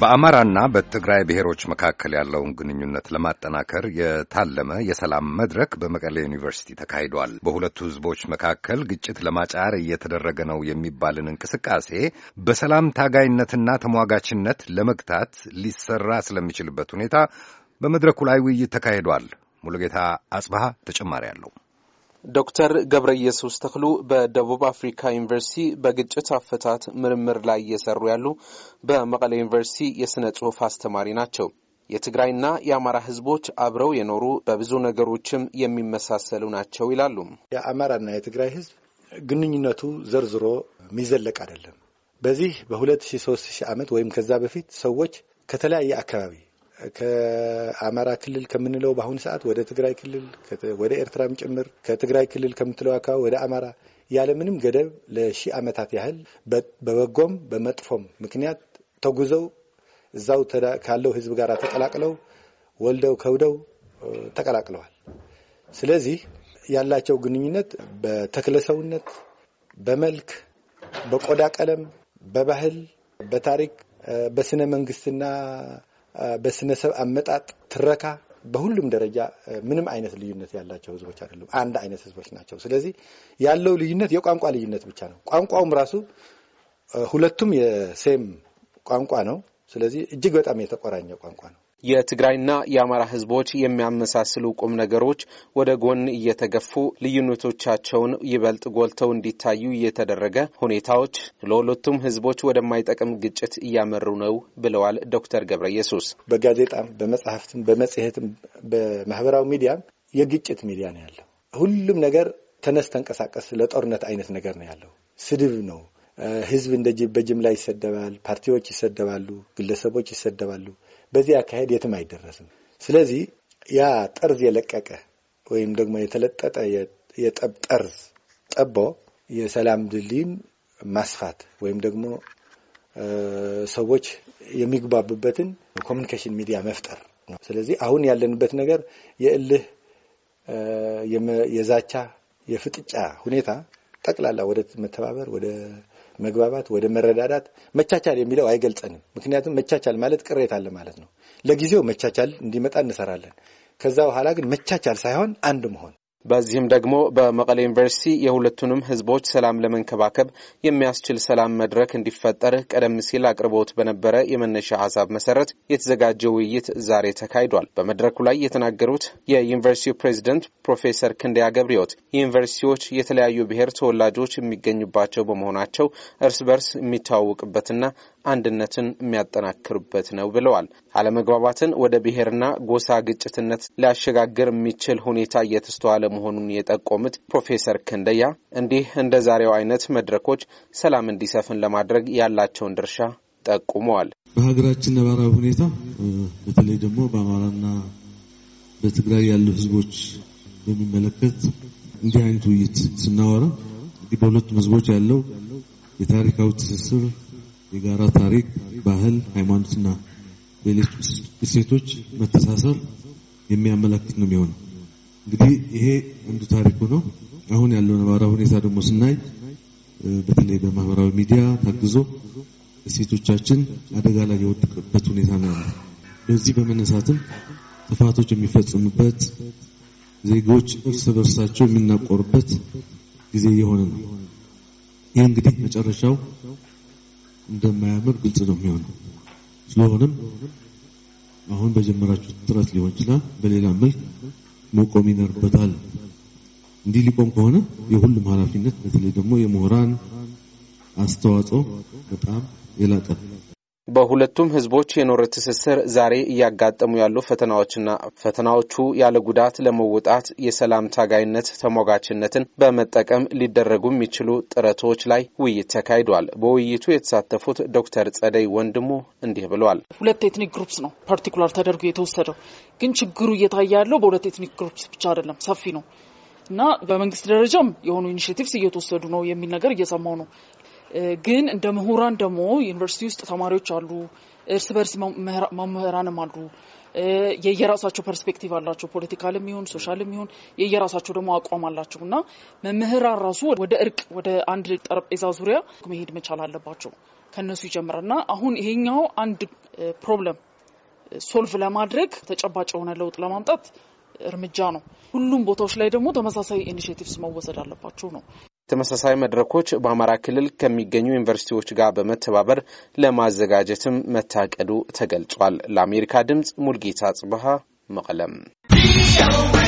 በአማራና በትግራይ ብሔሮች መካከል ያለውን ግንኙነት ለማጠናከር የታለመ የሰላም መድረክ በመቀሌ ዩኒቨርሲቲ ተካሂዷል። በሁለቱ ሕዝቦች መካከል ግጭት ለማጫር እየተደረገ ነው የሚባልን እንቅስቃሴ በሰላም ታጋይነትና ተሟጋችነት ለመግታት ሊሰራ ስለሚችልበት ሁኔታ በመድረኩ ላይ ውይይት ተካሂዷል። ሙሉጌታ አጽባሃ ተጨማሪ አለው። ዶክተር ገብረ ኢየሱስ ተክሉ በደቡብ አፍሪካ ዩኒቨርሲቲ በግጭት አፈታት ምርምር ላይ እየሰሩ ያሉ በመቀለ ዩኒቨርሲቲ የሥነ ጽሑፍ አስተማሪ ናቸው። የትግራይና የአማራ ህዝቦች አብረው የኖሩ በብዙ ነገሮችም የሚመሳሰሉ ናቸው ይላሉ። የአማራና የትግራይ ህዝብ ግንኙነቱ ዘርዝሮ የሚዘለቅ አይደለም። በዚህ በ2003 ዓመት ወይም ከዛ በፊት ሰዎች ከተለያየ አካባቢ ከአማራ ክልል ከምንለው በአሁኑ ሰዓት ወደ ትግራይ ክልል ወደ ኤርትራም ጭምር ከትግራይ ክልል ከምትለው አካባቢ ወደ አማራ ያለምንም ገደብ ለሺህ ዓመታት ያህል በበጎም በመጥፎም ምክንያት ተጉዘው እዛው ካለው ህዝብ ጋር ተቀላቅለው ወልደው ከብደው ተቀላቅለዋል። ስለዚህ ያላቸው ግንኙነት በተክለሰውነት በመልክ፣ በቆዳ ቀለም፣ በባህል፣ በታሪክ፣ በስነ መንግስትና በስነሰብ አመጣጥ ትረካ በሁሉም ደረጃ ምንም አይነት ልዩነት ያላቸው ህዝቦች አይደሉም። አንድ አይነት ህዝቦች ናቸው። ስለዚህ ያለው ልዩነት የቋንቋ ልዩነት ብቻ ነው። ቋንቋውም ራሱ ሁለቱም የሴም ቋንቋ ነው። ስለዚህ እጅግ በጣም የተቆራኘ ቋንቋ ነው። የትግራይና የአማራ ህዝቦች የሚያመሳስሉ ቁም ነገሮች ወደ ጎን እየተገፉ ልዩነቶቻቸውን ይበልጥ ጎልተው እንዲታዩ እየተደረገ ሁኔታዎች ለሁለቱም ህዝቦች ወደማይጠቅም ግጭት እያመሩ ነው ብለዋል ዶክተር ገብረ ኢየሱስ። በጋዜጣም፣ በመጽሐፍትም፣ በመጽሔትም፣ በማህበራዊ ሚዲያም የግጭት ሚዲያ ነው ያለው። ሁሉም ነገር ተነስ ተንቀሳቀስ ለጦርነት አይነት ነገር ነው ያለው። ስድብ ነው። ህዝብ እንደ በጅምላ ይሰደባል። ፓርቲዎች ይሰደባሉ። ግለሰቦች ይሰደባሉ። በዚህ አካሄድ የትም አይደረስም። ስለዚህ ያ ጠርዝ የለቀቀ ወይም ደግሞ የተለጠጠ የጠብ ጠርዝ ጠቦ የሰላም ድልድይን ማስፋት ወይም ደግሞ ሰዎች የሚግባቡበትን ኮሚኒኬሽን ሚዲያ መፍጠር ነው። ስለዚህ አሁን ያለንበት ነገር የእልህ የዛቻ፣ የፍጥጫ ሁኔታ ጠቅላላ ወደ መተባበር ወደ መግባባት ወደ መረዳዳት መቻቻል የሚለው አይገልጸንም። ምክንያቱም መቻቻል ማለት ቅሬታ አለ ማለት ነው። ለጊዜው መቻቻል እንዲመጣ እንሰራለን። ከዛ በኋላ ግን መቻቻል ሳይሆን አንድ መሆን በዚህም ደግሞ በመቀሌ ዩኒቨርሲቲ የሁለቱንም ህዝቦች ሰላም ለመንከባከብ የሚያስችል ሰላም መድረክ እንዲፈጠር ቀደም ሲል አቅርቦት በነበረ የመነሻ ሀሳብ መሰረት የተዘጋጀ ውይይት ዛሬ ተካሂዷል። በመድረኩ ላይ የተናገሩት የዩኒቨርሲቲው ፕሬዚደንት ፕሮፌሰር ክንደያ ገብረሕይወት ዩኒቨርሲቲዎች የተለያዩ ብሔር ተወላጆች የሚገኙባቸው በመሆናቸው እርስ በርስ የሚተዋወቅበትና አንድነትን የሚያጠናክሩበት ነው ብለዋል። አለመግባባትን ወደ ብሔርና ጎሳ ግጭትነት ሊያሸጋግር የሚችል ሁኔታ እየተስተዋለ መሆኑን የጠቆሙት ፕሮፌሰር ክንደያ እንዲህ እንደ ዛሬው አይነት መድረኮች ሰላም እንዲሰፍን ለማድረግ ያላቸውን ድርሻ ጠቁመዋል። በሀገራችን ነባራዊ ሁኔታ በተለይ ደግሞ በአማራና በትግራይ ያሉ ህዝቦች በሚመለከት እንዲህ አይነት ውይይት ስናወራ እንግዲህ በሁለቱም ህዝቦች ያለው የታሪካዊ ትስስር፣ የጋራ ታሪክ፣ ባህል፣ ሃይማኖትና ሌሎች እሴቶች መተሳሰር የሚያመለክት ነው የሚሆነው። እንግዲህ ይሄ አንዱ ታሪኩ ነው። አሁን ያለው ነባራዊ ሁኔታ ደግሞ ስናይ በተለይ በማህበራዊ ሚዲያ ታግዞ እሴቶቻችን አደጋ ላይ የወደቀበት ሁኔታ ነው። በዚህ በመነሳትም ጥፋቶች የሚፈጽሙበት ዜጎች እርስ በርሳቸው የሚናቆርበት ጊዜ የሆነ ነው። ይህ እንግዲህ መጨረሻው እንደማያምር ግልጽ ነው የሚሆነው። ስለሆነም አሁን በጀመራችሁ ጥረት ሊሆን ይችላል በሌላ መልክ መቆም ይኖርበታል። እንዲህ ሊቆም ከሆነ የሁሉም ኃላፊነት በተለይ ደግሞ የምሁራን አስተዋጽኦ በጣም የላቀ በሁለቱም ህዝቦች የኖረ ትስስር ዛሬ እያጋጠሙ ያሉ ፈተናዎችና ፈተናዎቹ ያለ ጉዳት ለመውጣት የሰላም ታጋይነት ተሟጋችነትን በመጠቀም ሊደረጉ የሚችሉ ጥረቶች ላይ ውይይት ተካሂዷል። በውይይቱ የተሳተፉት ዶክተር ጸደይ ወንድሙ እንዲህ ብለዋል። ሁለት ኤትኒክ ግሩፕስ ነው ፓርቲኩላር ተደርጎ የተወሰደው፣ ግን ችግሩ እየታየ ያለው በሁለት ኤትኒክ ግሩፕስ ብቻ አይደለም፣ ሰፊ ነው እና በመንግስት ደረጃም የሆኑ ኢኒሽቲቭስ እየተወሰዱ ነው የሚል ነገር እየሰማው ነው። ግን እንደ ምሁራን ደግሞ ዩኒቨርሲቲ ውስጥ ተማሪዎች አሉ፣ እርስ በርስ መምህራንም አሉ። የየራሳቸው ፐርስፔክቲቭ አላቸው። ፖለቲካልም ይሁን ሶሻልም ይሁን የየራሳቸው ደግሞ አቋም አላቸው እና መምህራን ራሱ ወደ እርቅ ወደ አንድ ጠረጴዛ ዙሪያ መሄድ መቻል አለባቸው። ከነሱ ይጀምራል እና አሁን ይሄኛው አንድ ፕሮብለም ሶልቭ ለማድረግ ተጨባጭ የሆነ ለውጥ ለማምጣት እርምጃ ነው። ሁሉም ቦታዎች ላይ ደግሞ ተመሳሳይ ኢኒሽቲቭስ መወሰድ አለባቸው ነው። ተመሳሳይ መድረኮች በአማራ ክልል ከሚገኙ ዩኒቨርሲቲዎች ጋር በመተባበር ለማዘጋጀትም መታቀዱ ተገልጿል። ለአሜሪካ ድምፅ ሙልጌታ ጽብሃ መቀለም